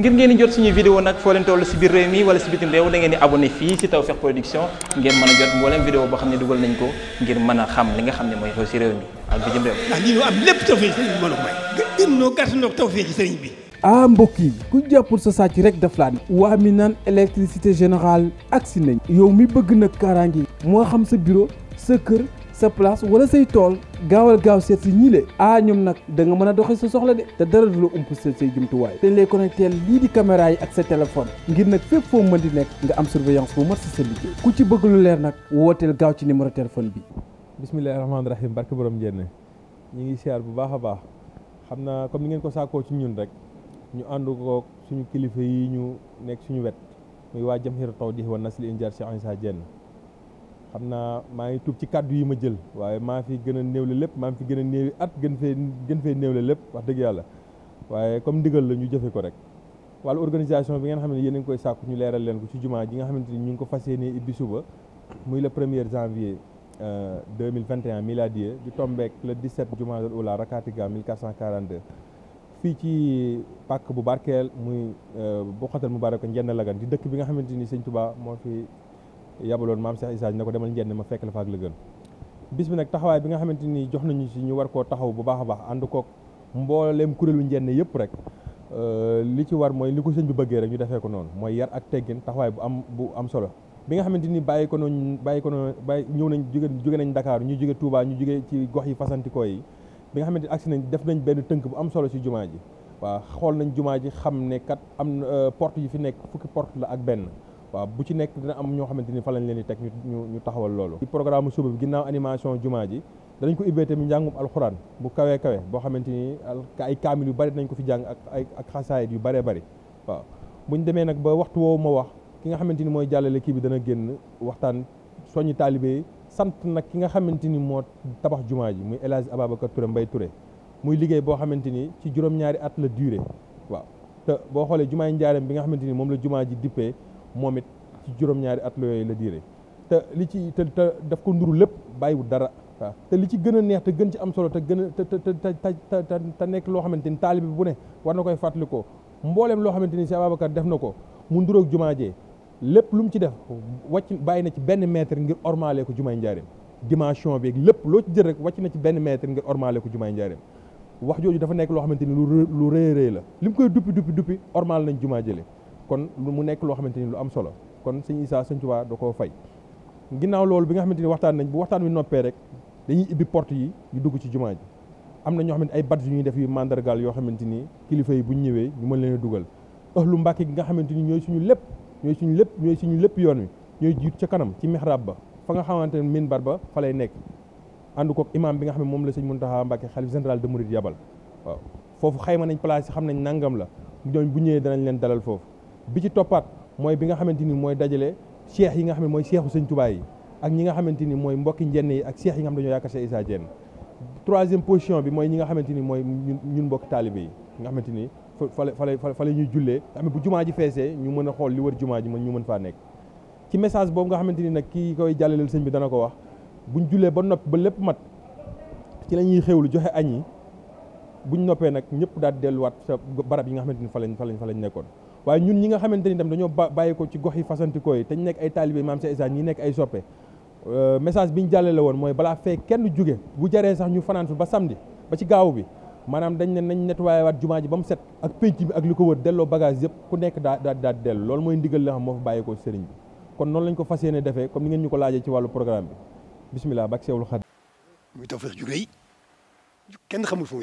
ngir ngeen di jot suñuy vidéo nag foo leen toll si biir réew mi wala si bitim réew da di abonné fii si Tawfekh Production ngeen mën a jot mboolem vidéo boo xam ne dugal nañ ko ngir mën a xam li nga xam ne mooy xew si réew mi ak bitim réew. ndax am lépp Tawfekh sëriñ bi mën a may. gën noo gàtt noo Tawfekh sëriñ bi. ah mbokk yi ku jàppul sa sàcc rek daf laa ne waa mi naan électricité générale agsi nañ yow mi bëgg nag kaaraange moo xam sa bureau sa kër sa place wala say tool gaawal gaaw seet si ñiile ah ñoom nag danga mën a doxee sa soxla de te dara du la ump sa say jumtuwaay te ñu lay connecté lii di caméra yi ak sa téléphone ngir nag fépp foo mën di nekk nga am surveillance bu mat si ku ci bëgg lu leer nag wooteel gaaw ci numéro téléphone bi. bismillahi rahmaani rahim barke borom njenne ñu ngi siyaar bu baax a baax xam naa comme ni ngeen ko saakoo ci ñun rek ñu ànd ko suñu kilifa yii ñu nekk suñu wet muy waa Jamhiru Tawdihi wa Nasli Injar Cheikh Issa Diène xam naa maa ngi tuub ci kàddu yi ma jël waaye maa fi gën a néewle lépp maa fi gën a néewi at gën fee gën fee néewle lépp wax dëgg yàlla waaye comme ndigal la ñu jëfe ko rek wàllu organisation bi ngeen xam ne yéen a ngi koy sàkku ñu leeral leen ko ci jumaa ji nga xamante ni ñu ngi ko fas yéenee ibbi suba muy le premier janvier 2021 euh, miladier di tombeek le 17 jumaadal ula rakatiga 1442 fii ci pàkk bu barkeel muy euh, bu xotal mu bare ko njenn lagan di dëkk bi nga xamante ni sëñ Tuubaa moo fi yabaloon maam Cheikh Issa ne ko demal njenn ma fekk la fa ak la gën bis bi nag taxawaay bi nga xamante nii jox nañu si ñu war koo taxaw bu baax a baax ànd koog mbooleem kuréelu njenn yëpp rek euh, li ci war mooy li ko sëñ bi bëggee rek ñu defee ko noonu mooy yar ak teggin taxawaay bu am bu am solo bi nga xamante ni bàyyi ko noonu bàyyi ko noonu bàyyi ñëw nañ jóge jóge nañ Dakar ñu jóge Touba ñu jóge ci gox yi fasantikoo yi bi nga xamante ni agsi nañ def nañ benn tënk bu am solo ci jumaa ji waaw xool nañ jumaa ji xam ne kat am euh, porte yi fi nekk fukki porte la ak benn waaw bu ci nekk dina am ñoo xamante ni fa lañ leen di teg ñu ñu taxawal loolu ci programme suba bi ginnaaw animation jumaa ji danañ ko ubbee tamit njàngum alxuraan bu kawee kawe boo xamante ni ay kaamil yu bari dinañ ko fi jàng ak ay ak yu bëree bëri waaw buñ demee nag ba waxtu woowu ma wax ki nga xamante ni mooy jàllale kii bi dana génn waxtaan soññi taalibee sant nag ki nga xamante ni moo tabax jumaa ji muy El Hadj Ababacar mbay ture muy liggéey boo xamante ni ci juróom-ñaari at la durée waaw te boo xoolee jumaay njaareem bi nga xamante ni moom la jumaa ji dippee moom it ci juróom-ñaari at la yooyu la diire te li ci te te daf ko nduru lépp bàyyiwul dara waaw te li ci gën a neex te gën ci am solo te gën a te te te te nekk loo xamante ni taalibe bu ne war na koy fàttalikoo mbooleem loo xamante ni si Ababacar def na ko mu nduroog jumaa jee lépp lu mu ci def wàcc bàyyi na ci benn mètre ngir ormaale ko jumaay njaareem dimension bi lépp loo ci jël rek wàcc na ci benn mètre ngir ormaale ko jumaay njaareem wax jooju dafa nekk loo xamante ni lu rëy rëy la li mu koy duppi duppi duppi ormal nañ jumaa jële kon mu nekk loo xamante ni lu am solo kon sëñ Issa sëñ Tuubaa da koo fay ginnaaw loolu bi nga xamante ni waxtaan nañ bu waxtaan wi noppee rek dañuy ibbi porte yi ñu dugg ci jumaa ji am na ñoo xamante ay badge yu ñuy def yu mandargaal yoo xamante ni kilifa yi bu ñëwee ñu mën leen a dugal lu Mbàkke gi nga xamante ni ñooy suñu lépp ñooy suñu lépp ñooy suñu lépp yoon wi ñooy jiit ca kanam ci mihrab ba fa nga xamante ne minbar ba fa lay nekk ànd kook imam bi nga xam ne moom la sëñ Muntaxa Mbàkke xalif général de Mouride yabal waaw foofu xayma nañ place yi xam nañ nangam la ñooñ bu ñëwee danañ leen dalal foofu bi ci toppaat mooy bi nga xamante ni mooy dajale cheikh yi nga xam ne mooy cheikhu sëñ Tuubaa yi ak ñi nga xamante ni mooy mbokki njenn yi ak cheikh yi nga xam dañoo yaakaar Cheikh Issa Diène troisième bi mooy ñi nga xamante ni mooy ñun mbokki taalibe yi nga xamante ni fale fale fale ñuy jullee nga xam ne bu jumaa ji feesee ñu mën a xool li wër jumaa ji mën ñu mën faa nekk ci message boobu nga xamante ni nag kii koy jàllaleel sëñ bi dana ko wax bu ñu jullee ba nopp ba lépp mat ci la ñuy xewlu joxe añ yi ñu noppee nag ñëpp daal delluwaat sa barab yi nga xamante ni fa lañ fa lañ fa lañ nekkoon waaye ñun ñi nga xamante ni tam dañoo bàyyi ko ci gox yi fasantikoo yi te ñu nekk ay taalibe maam Cheikh Issa ñi nekk ay soppe euh, message bi ñu jàllale woon mooy balaa fee kenn jóge bu jaree sax ñu fanaan fi ba samedi ba ci gaaw bi maanaam dañ ne nañ nettoyé waat jumaa ji ba mu set ak penc bi ak li ko wër delloo bagage yëpp ku nekk daa daa daa dellu loolu mooy ndigal la xam moo fa bàyyi ko sëriñ bi kon noonu lañ ko fas yéene defee comme ni ngeen ñu ko laajee bak seewul xad muy tawfeex kenn xamul fu mu